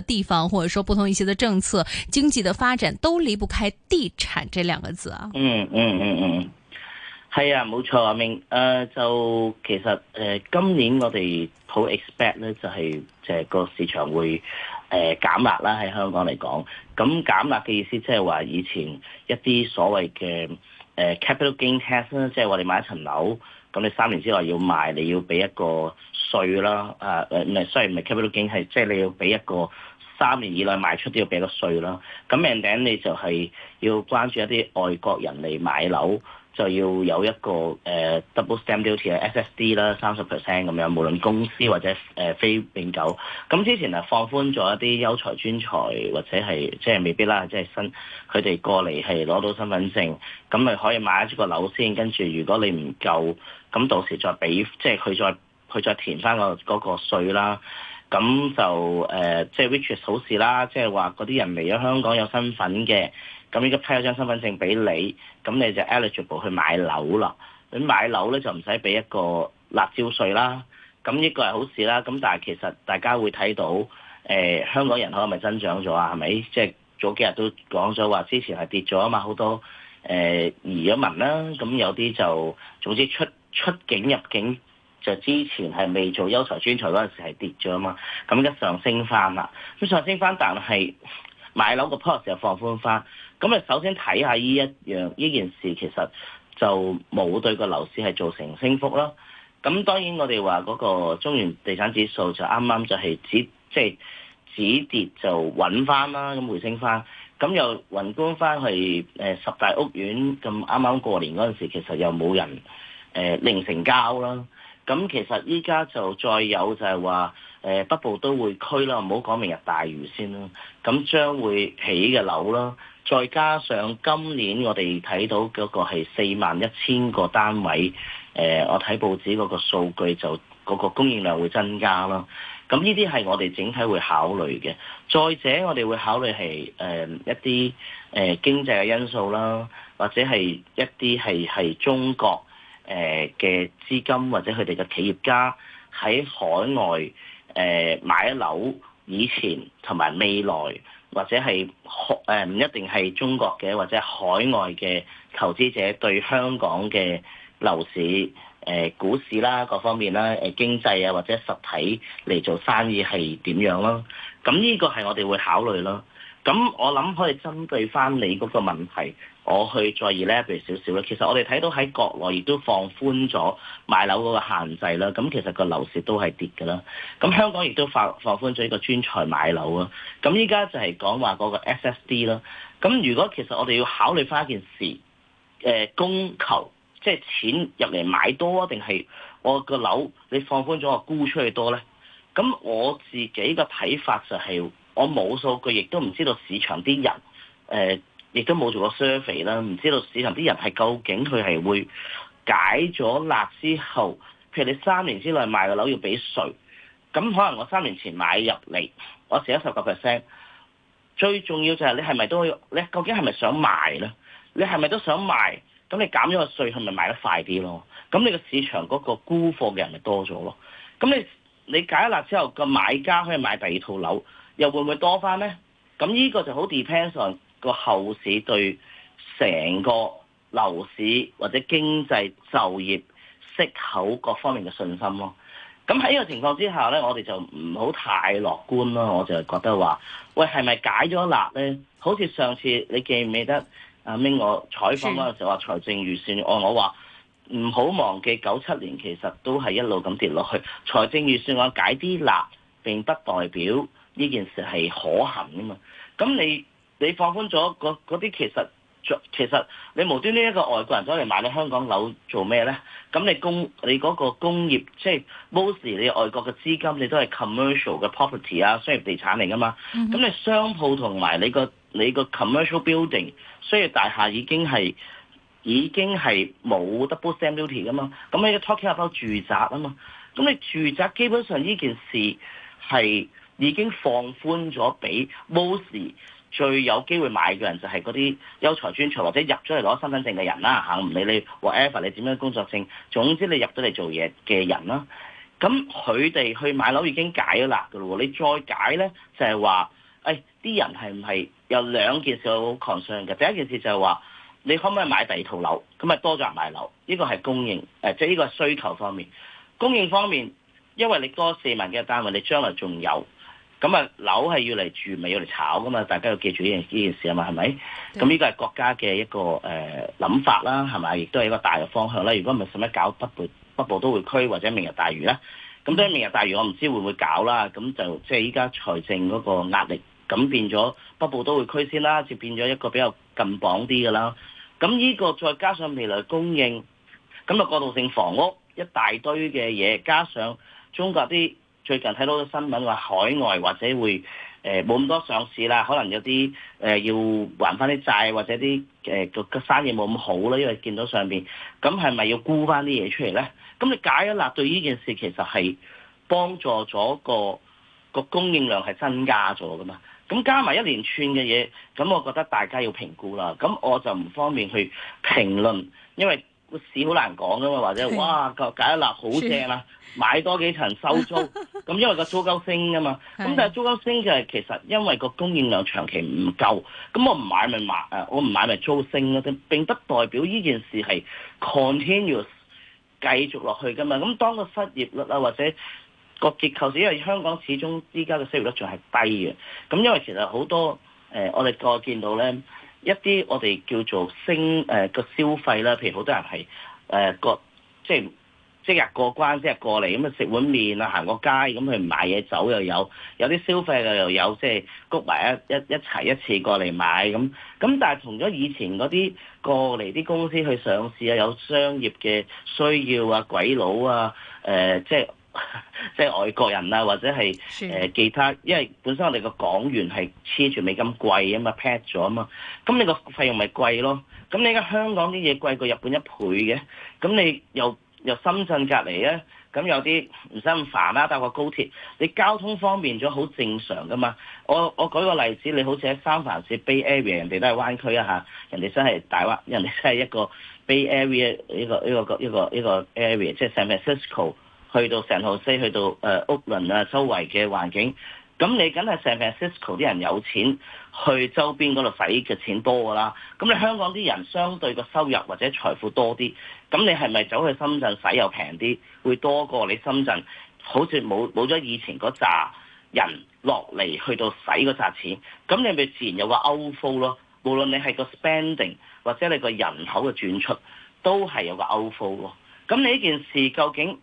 地方，或者說不同一些嘅政策，經濟的發展都離不開地產這兩個字啊。嗯嗯嗯嗯，係、嗯、啊，冇、嗯、錯啊明。誒、呃，就其實誒、呃，今年我哋好 expect 咧，就係即係個市場會誒、呃、減壓啦。喺香港嚟講，咁、嗯、減壓嘅意思即係話以前一啲所謂嘅誒、呃、capital gain tax 咧，即係話你買一層樓，咁你三年之內要賣，你要俾一個。稅啦，啊誒，唔係，sorry 唔係 capital gain 係，即係你要俾一個三年以內賣出都要俾個稅啦。咁 and then 你就係要關注一啲外國人嚟買樓，就要有一個誒、呃、double stamp duty 啊，SSD 啦，三十 percent 咁樣，無論公司或者誒、呃、非永久。咁之前啊放寬咗一啲優才專才或者係即係未必啦，即係新佢哋過嚟係攞到身份證，咁咪可以買咗個樓先，跟住如果你唔夠，咁到時再俾，即係佢再。佢再填翻個個稅啦，咁就誒，即係 which is 好事啦，即係話嗰啲人嚟咗香港有身份嘅，咁而家批咗張身份證俾你，咁你就 eligible 去買樓啦。咁買樓咧就唔使俾一個辣椒稅啦，咁呢個係好事啦。咁但係其實大家會睇到誒、呃，香港人口係咪增長咗啊？係咪？即係早幾日都講咗話，之前係跌咗啊嘛，好多誒、呃、移咗民啦，咁有啲就總之出出境入境。就之前係未做優才專才嗰陣時係跌咗吖嘛，咁一上升翻啦，咁上升翻，但係買樓個 pose 又放寬翻，咁啊，首先睇下依一樣呢件事其實就冇對個樓市係造成升幅啦。咁當然我哋話嗰個中原地產指數就啱啱就係止即係、就係、止跌就穩翻啦，咁回升翻，咁又雲觀翻去十大屋苑，咁啱啱過年嗰陣時，其實又冇人誒零、呃、成交啦。咁其實依家就再有就係話，誒、呃、北部都會區啦，唔好講明日大嶼先啦，咁將會起嘅樓啦，再加上今年我哋睇到嗰個係四萬一千個單位，誒、呃、我睇報紙嗰個數據就嗰、嗰個供應量會增加啦，咁呢啲係我哋整體會考慮嘅。再者我哋會考慮係誒一啲誒、呃、經濟嘅因素啦，或者係一啲係係中國。誒嘅資金或者佢哋嘅企業家喺海外誒、呃、買樓，以前同埋未來，或者係海，唔一定係中國嘅，或者海外嘅投資者對香港嘅樓市誒、呃、股市啦，各方面啦，誒經濟啊，或者實體嚟做生意係點樣咯？咁呢個係我哋會考慮咯。咁我諗可以針對翻你嗰個問題，我去再而咧，譬如少少啦。其實我哋睇到，喺國內亦都放寬咗買樓嗰個限制啦，咁其實個樓市都係跌噶啦。咁香港亦都放放寬咗呢個專才買樓啊。咁依家就係講話嗰個 SSD 咯。咁如果其實我哋要考慮翻一件事，誒、呃，供求即係、就是、錢入嚟，買多定係我個樓你放寬咗我沽出去多咧？咁我自己個睇法就係、是。我冇數據，亦都唔知道市場啲人，亦、呃、都冇做過 survey 啦。唔知道市場啲人係究竟佢係會解咗辣之後，譬如你三年之內賣個樓要俾稅，咁可能我三年前買入嚟，我蝕咗十個 percent。最重要就係你係咪都可以你究竟係咪想賣咧？你係咪都想賣？咁你減咗個稅，係咪賣得快啲咯？咁你個市場嗰個沽貨嘅人咪多咗咯？咁你你解咗辣之後，個買家可以買第二套樓。又會唔會多翻呢？咁呢個就好 depends on 個後市對成個樓市或者經濟就業息口各方面嘅信心咯。咁喺呢個情況之下呢，我哋就唔好太樂觀咯。我就覺得話喂，係咪解咗辣呢？好似上次你記唔記得阿、啊、明我採訪嗰陣時話財政預算案，我話唔好忘記九七年其實都係一路咁跌落去。財政預算案解啲辣，並不代表。呢件事係可行噶嘛？咁你你放寬咗嗰啲，其實其實你無端端一個外國人走嚟買你香港樓做咩咧？咁你工你嗰個工業即係 mostly 你外國嘅資金，你都係 commercial 嘅 property 啊，商業地產嚟噶嘛？咁、mm -hmm. 你商鋪同埋你個你個 commercial building 商業大廈已經係已經係冇 double stamp duty 噶嘛？咁你 talking about 住宅啊嘛？咁你住宅基本上呢件事係。已經放寬咗，俾 most 最有機會買嘅人就係嗰啲優才專才或者入咗嚟攞身份證嘅人啦。嚇，唔理你話 whatever 你點樣工作證，總之你入咗嚟做嘢嘅人啦。咁佢哋去買樓已經解啦㗎咯。你再解咧就係話、哎，誒啲人係唔係有兩件事好 concern 嘅？第一件事就係話你可唔可以買第二套樓咁啊？咪多咗人買樓，呢個係供應誒，即係依個是需求方面。供應方面，因為你多四萬嘅單位，你將來仲有。咁啊，樓係要嚟住，咪要嚟炒噶嘛，大家要記住呢件呢件事啊嘛，係咪？咁呢個係國家嘅一個誒、呃、諗法啦，係咪？亦都係一個大嘅方向啦。如果唔係，使乜搞北部北部都會區或者明日大嶼啦？咁所以明日大嶼我唔知會唔會搞啦。咁、嗯、就即係依家財政嗰個壓力，咁變咗北部都會區先啦，就變咗一個比較近綁啲嘅啦。咁呢個再加上未來供應，咁啊過渡性房屋一大堆嘅嘢，加上中國啲。最近睇到個新聞話海外或者會誒冇咁多上市啦，可能有啲誒、呃、要還翻啲債或者啲誒個個生意冇咁好啦，因為見到上邊，咁係咪要沽翻啲嘢出嚟咧？咁你解一辣對呢件事其實係幫助咗個個供應量係增加咗噶嘛？咁加埋一連串嘅嘢，咁我覺得大家要評估啦。咁我就唔方便去評論，因為。個市好難講噶嘛，或者哇，個解咗辣好正啦，買多幾層收租。咁 因為個租金升噶嘛，咁但係租金升就係其實因為個供應量長期唔夠，咁我唔買咪買，我唔買咪租升嗰啲。並不代表呢件事係 continuous 繼續落去噶嘛。咁當個失業率啦、啊，或者個結構是，因為香港始終依家嘅失業率仲係低嘅。咁因為其實好多誒、呃，我哋個見到咧。一啲我哋叫做升個消費啦，譬如好多人係誒各即係即日過關，即日過嚟咁啊，食碗麵啊，行個街咁，去買嘢走又有，有啲消費嘅又有即係谷埋一一一齊一次過嚟買咁，咁但係同咗以前嗰啲過嚟啲公司去上市啊，有商業嘅需要啊，鬼佬啊誒、呃、即係。即係外國人啊，或者係誒、呃、其他，因為本身我哋個港元係黐住美金貴啊嘛 p a g 咗啊嘛，咁你個費用咪貴咯？咁你而家香港啲嘢貴過日本一倍嘅，咁你又又深圳隔離咧，咁有啲唔使咁煩啦、啊，搭個高鐵，你交通方便咗好正常噶嘛。我我舉個例子，你好似喺三藩市 Bay Area，人哋都係灣區啊嚇，人哋真係大灣，人哋真係一個 Bay Area 呢個呢個個一個呢個，個，個，個 area，即係 San Francisco。去到 San Jose，去到 Oakland 啊，周圍嘅環境，咁你梗係成個 San Francisco 啲人有錢去周邊嗰度使嘅錢多㗎啦。咁你香港啲人相對個收入或者財富多啲，咁你係咪走去深圳使又平啲，會多過你深圳好似冇冇咗以前嗰扎人落嚟去到使嗰紮錢？咁你咪自然有個 outflow 囉，咯。無論你係個 spending 或者你個人口嘅轉出，都係有個 outflow 咯。咁你呢件事究竟？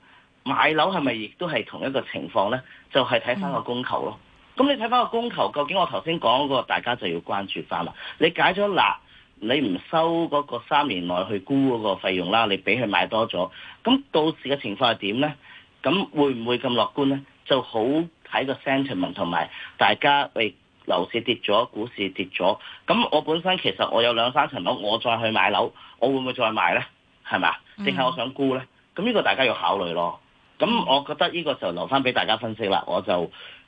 買樓係咪亦都係同一個情況呢？就係睇翻個供求咯。咁你睇翻個供求，究竟我頭先講嗰個，大家就要關注翻啦。你解咗辣，你唔收嗰個三年內去沽嗰個費用啦，你俾佢買多咗，咁到時嘅情況係點呢？咁會唔會咁樂觀呢？就好睇個 sentiment 同埋大家，誒、哎、樓市跌咗，股市跌咗，咁我本身其實我有兩三層樓，我再去買樓，我會唔會再買呢？係咪啊？淨係我想沽呢？咁呢個大家要考慮咯。咁我覺得呢個就留翻俾大家分析啦，我就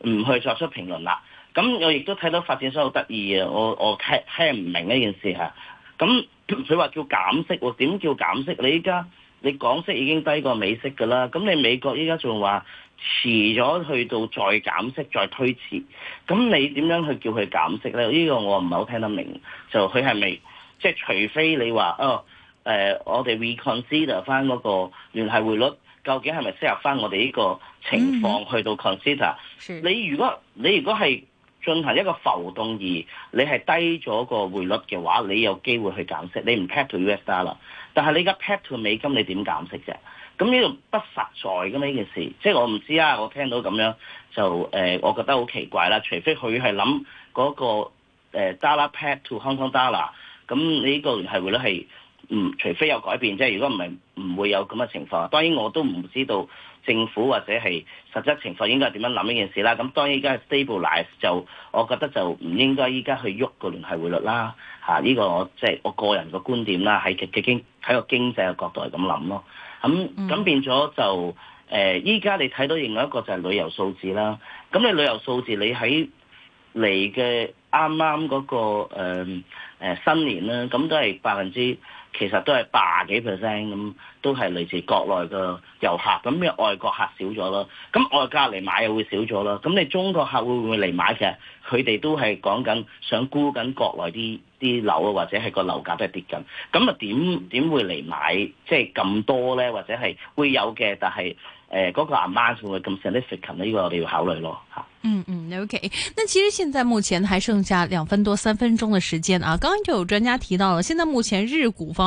唔去作出評論啦。咁我亦都睇到發展商好得意啊！我我聽聽唔明呢件事嚇，咁佢話叫減息喎，點叫減息？你依家你港息已經低過美息噶啦，咁你美國依家仲話遲咗去到再減息再推遲，咁你點樣去叫佢減息咧？呢個我唔係好聽得明，就佢係咪？即係除非你話哦，呃、我哋 reconsider 翻嗰個聯繫匯率。究竟係咪適合翻我哋呢個情況去到 consider？、嗯、你如果你如果係進行一個浮動而你係低咗個匯率嘅話，你有機會去減息。你唔 pat to US dollar，但係你而家 pat to 美金，你點減息啫？咁呢個不實在嘅呢件事，即係我唔知啊。我聽到咁樣就誒、呃，我覺得好奇怪啦。除非佢係諗嗰個 dollar pat to Hong Kong dollar，咁你呢個聯繫匯率係。嗯，除非有改變，即係如果唔係，唔會有咁嘅情況。當然我都唔知道政府或者係實質情況應該點樣諗呢件事啦。咁當然而家 stabilize 就，我覺得就唔應該而家去喐個聯繫匯率啦。嚇、啊，呢、這個我即係、就是、我個人嘅觀點啦，喺嘅經喺個經濟嘅角度係咁諗咯。咁、啊、咁變咗就誒，而、呃、家你睇到另外一個就係旅遊數字啦。咁、啊、你旅遊數字你喺嚟嘅啱啱嗰個誒、嗯啊、新年啦，咁、啊、都係百分之。其實都係八十幾 percent 咁，都係嚟自國內嘅遊客，咁嘅外國客少咗咯。咁外加嚟買又會少咗咯。咁你中國客會唔會嚟買嘅？其實佢哋都係講緊想沽緊國內啲啲樓啊，或者係個樓價都係跌緊。咁啊點點會嚟買即係咁多咧？或者係會有嘅，但係誒嗰個 amount 會咁 significant。呢、這個我哋要考慮咯嚇。嗯嗯，OK。那其實現在目前還剩下兩分多三分鐘嘅時間啊。剛剛就有專家提到了，現在目前日股方。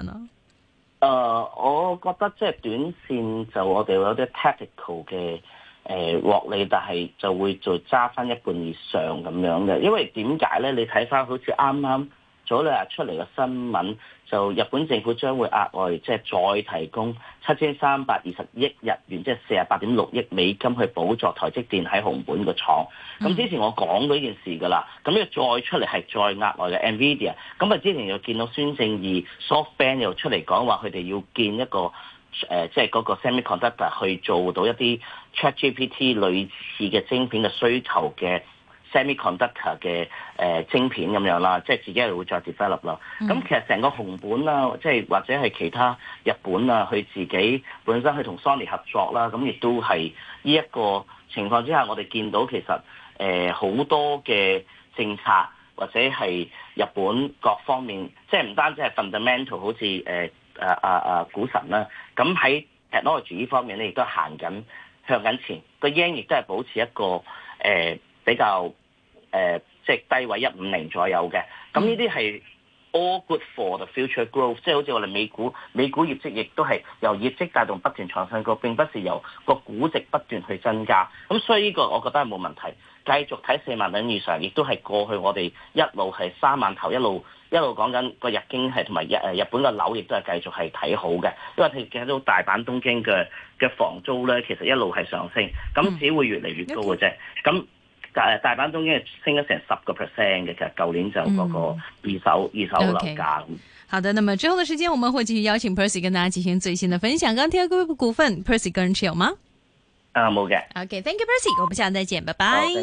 啊、呃，我覺得即係短線，就我哋有啲 tactical 嘅誒、呃、獲利，但係就會再揸翻一半以上咁樣嘅。因為點解咧？你睇翻好似啱啱早兩日出嚟嘅新聞就日本政府將會額外即係、就是、再提供七千三百二十億日元，即係四十八點六億美金去補助台積電喺熊本個廠。咁、嗯、之前我講過呢件事㗎啦，咁又再出嚟係再額外嘅 NVIDIA。咁啊之前又見到孫正義 SoftBank 又出嚟講話佢哋要建一個即係嗰個 semiconductor 去做到一啲 ChatGPT 類似嘅晶片嘅需求嘅。semi-conductor 嘅誒晶片咁樣啦，即係自己係會再 develop 啦。咁、mm. 其實成個紅本啊，即係或者係其他日本啊，佢自己本身去同 Sony 合作啦。咁亦都係呢一個情況之下，我哋見到其實誒好多嘅政策或者係日本各方面，即係唔單止係 fundamental，好似誒誒誒誒股神啦。咁喺 technology 方面咧，亦都行緊向緊前，個 yen 亦都係保持一個誒、呃、比較。誒、呃，即、就、係、是、低位一五零左右嘅，咁呢啲係 all good for the future growth，即係好似我哋美股，美股業績亦都係由業績帶動不斷創新高，並不是由個估值不斷去增加，咁所以呢個我覺得係冇問題，繼續睇四萬兩以上，亦都係過去我哋一路係三萬頭一路一路講緊個日經係同埋日誒日本個樓，亦都係繼續係睇好嘅，因為你見到大阪東京嘅嘅房租咧，其實一路係上升，咁只會越嚟越高嘅啫，咁。大誒大阪東京升咗成十個 percent 嘅，其實舊年就嗰個二手二手樓價咁。嗯 okay. 好的，咁啊之後嘅時間，我們會繼續邀請 Percy 跟大家進行最新的分享。剛剛和股股份 Percy 個人持有嗎？啊冇、uh, 嘅。OK，thank、okay. okay, you，Percy 我們下次再見，拜拜。Okay.